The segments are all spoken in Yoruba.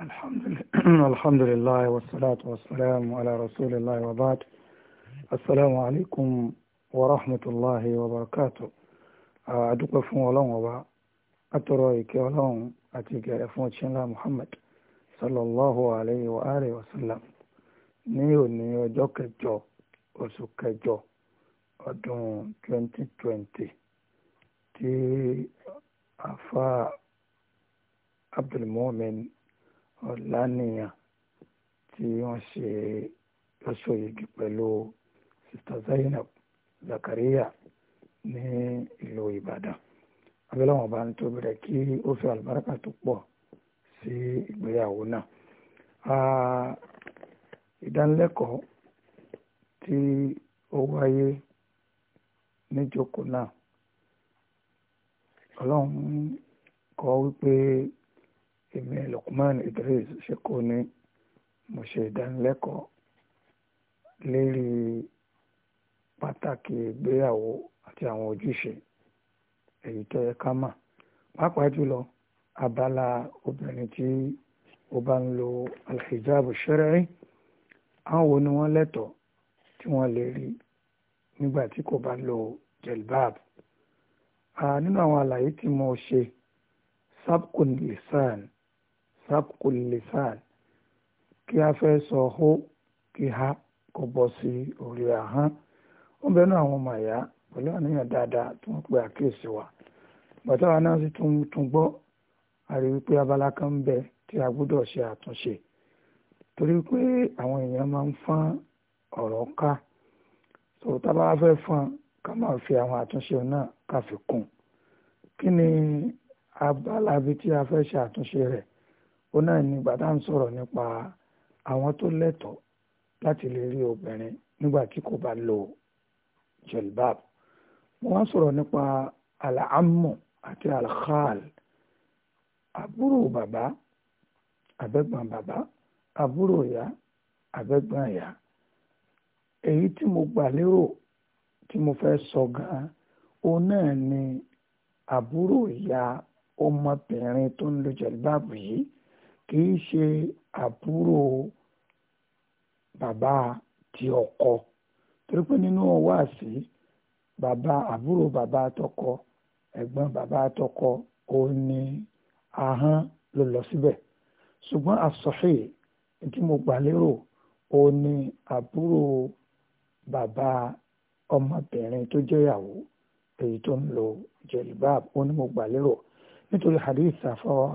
الحمد لله والصلاة والسلام على رسول الله وبعد السلام عليكم ورحمة الله وبركاته أدوك فون ولون وبا أتروي كي ولون أتيك فون شنلا محمد صلى الله عليه وآله وسلم نيو نيو جوك جو وسوك جو أدون 2020 تي أفا عبد المؤمن ọ̀lànìyàn tí wọ́n ṣe lọ́ṣọ́ yìí pẹ̀lú sista zainab zakaria ní ìlú ìbàdàn abẹ́lẹ́wọ̀n bá ń tóbi rẹ̀ kí ó fi àlùbáríkà tó pọ̀ sí ìgbéyàwó náà ìdánilẹ́kọ̀ọ́ tí ó wáyé níjókòó náà ọlọ́run kọ wípé èmi Lukman Idris Shekoni mo ṣe ìdánilẹ́kọ̀ọ́ lérí pàtàkì ìgbéyàwó àti àwọn ojúṣe èyí tó yẹ ká mà pàápàá jùlọ abala obìnrin tí ó bá ń lo alhijab ṣẹrẹrí àwọn wo ni wọ́n lẹ́tọ̀ọ́ tí wọ́n lè rí nígbà tí kò bá lo jelbab nínú àwọn àlàyé tí mo ṣe sabkun lisan sábkù lisan kí a fẹ́ sọ hó kí ha kò bọ́ sí orí ahọ́n ó ń bẹnu àwọn ọmọ ẹ̀yà pẹ̀lú àníyàn dáadáa tó ń pe àkíyèsí wa bàtà wa náà sì tún tún gbọ́ àrí wípé abala kan ń bẹ tí a gbọ́dọ̀ ṣe àtúnṣe torí pé àwọn èèyàn máa ń fọ́n ọ̀rọ̀ ká tó tábà wá fẹ́ fọ́n ká máa fi àwọn àtúnṣe náà ká kún kí ni abala bíi tí a fẹ́ ṣe àtúnṣe rẹ̀ ó náà ní bàtà ń sọ̀rọ̀ nípa àwọn tó lẹ́tọ̀ọ́ láti lè rí obìnrin nígbà tí kò bá lo jelbab mo wá sọ̀rọ̀ nípa alaamu àti alkhal àbúrò bàbá àbẹ̀gbọ́n bàbá àbúrò ìyá àbẹ̀gbọ́n ìyá èyí tí mo gbà lérò tí mo fẹ́ sọ gan-an náà ni àbúrò ìyá ọmọbìnrin tó ń lo jelbab yìí kì í ṣe àbúrò bàbá ti ọkọ torí pé nínú wáàsí bàbá àbúrò bàbá tọkọ ẹ̀gbọ́n bàbá tọkọ ó ní ahọ́n ló lọ síbẹ̀ ṣùgbọ́n àsọ̀hí tí mo gbà lérò ó ní àbúrò bàbá ọmọbìnrin tó jẹ́yàwó èyí tó ń lo jẹ̀lìbáàbù ó ní mo gbà lérò nítorí hadith àfọwọ́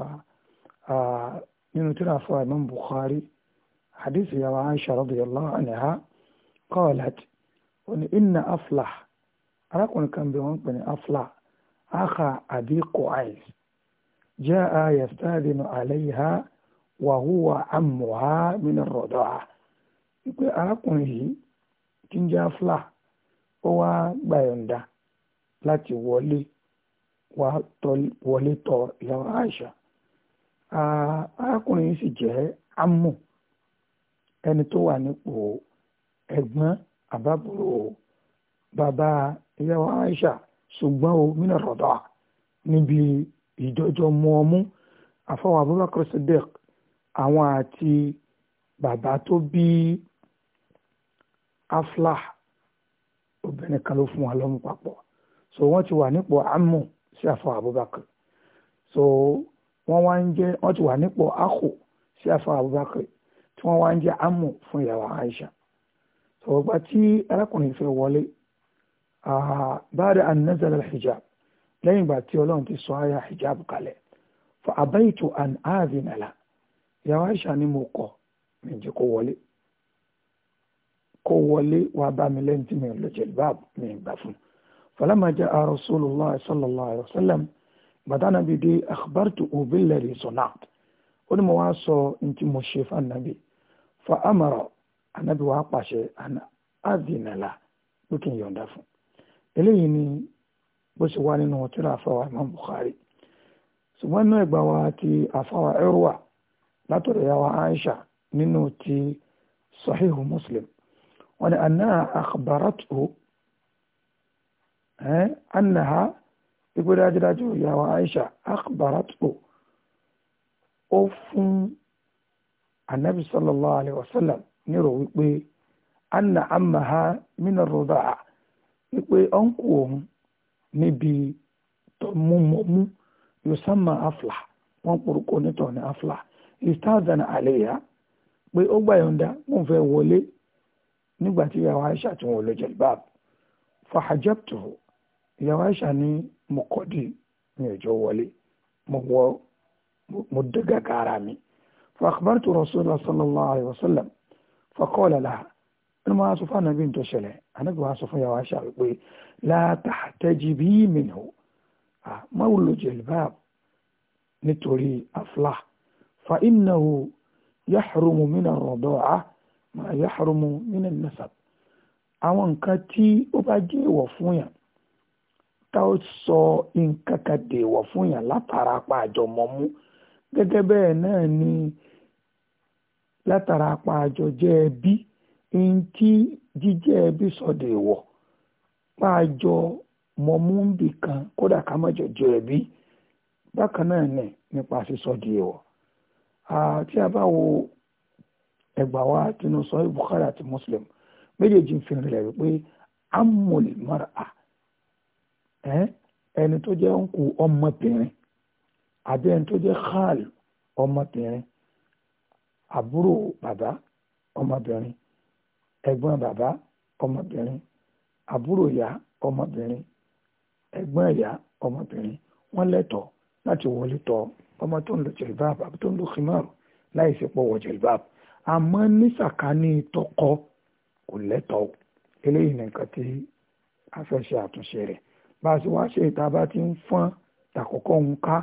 nínú tíra fún imam bukhari hadith ìyàwó aisha radiyallahu anha qalat ó ní inna aflah arákùnrin kan bí wọ́n pè ní aflah akha abi qais jaa yastadinu alayha wa huwa ammuha min ar-rida'a wípé arákùnrin yìí tí ń jẹ́ aflah ó wá gbàyọ̀ǹda láti wọlé wá wọlé tọ̀ ìyàwó aisha arákùnrin yìí sì jẹ́ amú ẹni tó wà nípò ẹ̀gbọ́n àbábúrò bàbá ìyàwó Aisha ṣùgbọ́n o mina rọ̀dọ̀ níbi ìjọjọ mú ọmú àfọwọ́ Abubakar Siddiq àwọn àti bàbá tó bí aflah obìnrin kan ló fún wa lọ́mú papọ̀ so wọ́n ti wà nípò amú sí àfọwọ́ Abubakar so wọ́n wá ń jẹ́ wọ́n ti wà nípò akho sí afa Abubakar tí wọ́n wá ń jẹ́ amò fún ìyàwó Aisha sọ̀rọ̀gbà tí arákùnrin fẹ́ wọlé báàdà anazala hijab lẹ́yìn ìgbà tí ọlọ́run ti sọ ayà hijab kalẹ̀ fa abaitu an azinala ìyàwó Aisha ni mo kọ̀ mi kó wọlé kó wọlé wàá bá mi lẹ́yìn tí mi ò lọ jẹ̀lbáàbù mi gbà fún un falama jẹ́ rasulullah sallallahu alayhi wa sallam bàtà nàbí dé akhbartu billadhi sana'at ó ní mo wá sọ ní tí mo ṣe fún ànábì fa amara ànábì wàá pàṣẹ àná àdìnnàlà ló kì í yọ̀ǹda fún eléyìí ni bó ṣe wá nínú tíra àfáwà imam bukhari ṣùgbọ́n inú ẹ̀gbà wa ti àfáwà ẹrùwà látọ̀dọ̀ yàwá aisha nínú ti sahihu muslim wọn anna akhbaratu eh, annaha ipò dájúdájú ìyàwó Aisha akbaratu ó fún anabi sallallahu alayhi wa sallam nírò wípé anna amaha mina rodaa wípé ọ̀nkù òun níbi mímọ́mú yusamma afla wọ́n porúkọ onítọ̀ ní afla istazan aleya pé ó gbà yọ̀ǹda mò ń fẹ́ wọlé nígbà tí ìyàwó Aisha tí wọn ò lo jilbab ìyàwó àṣà ní mo kọ́dì ní ẹ̀jọ́ wọlé mo wọ mo dẹ́gà kára mi fàkbàr tó rasulullah sallallahu alayhi wa sallam faqala laha ẹni máa sọ fún anabi tó ṣẹlẹ̀ anabi wa sọ fún ìyàwó àṣà wípé la tahtajibi minhu má wùlò jilbab nítorí afla fa innahu yahrumu min ar-rida'a ma yahrumu min an-nasab àwọn nǹkan tí ó bá jẹ́ ìwọ̀ fún yàn tá ó sọ nǹkan kan dèèwọ̀ fún yàn látara apá àjọmọ́mú gẹ́gẹ́ bẹ́ẹ̀ náà ni látara apá àjọ jẹ́ ẹbí ń tí jíjẹ́ ẹbí sọ dèèwọ̀ pa àjọ mọ̀mú ń bì kan kódà ká má jọ jẹ́ ẹbí bákan náà nì nípa sísọ dèèwọ̀ tí a bá wo ẹgbà wa tinú sọ Bukhari àti Muslim méjèèjì ń fi rìnlẹ̀ wípé amòlè mara ẹni tó jẹ́ ń kú ọmọbìnrin àbí ẹni tó jẹ́ khal ọmọbìnrin àbúrò bàbá ọmọbìnrin ẹ̀gbọ́n bàbá ọmọbìnrin àbúrò ìyá ọmọbìnrin ẹ̀gbọ́n ìyá ọmọbìnrin wọ́n lẹ́tọ̀ọ́ láti wọlé tọ̀ ọmọ tó ń lo jilbab àbí tó ń lo khimaru láì sí pọ̀ wọ jilbab àmọ́ ní sàkání tọkọ kò lẹ́tọ̀ọ́ eléyìí nìkan tí a fẹ́ ṣe àtúnṣe rẹ̀ bá a ṣe wá ṣe ìta bá ti ń fọ́n tàkọ́kọ́ ń ká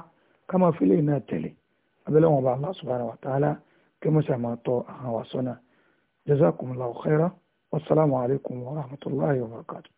ká máa fi lè náà tẹ̀lé abẹ́lẹ́ wọn bá Allah subhanahu wa ta'ala kí mo ṣe máa tọ àwọn àwa sọ́nà jazakumullahu khairan wasalaamu wa rahmatulahi wa barakatuh.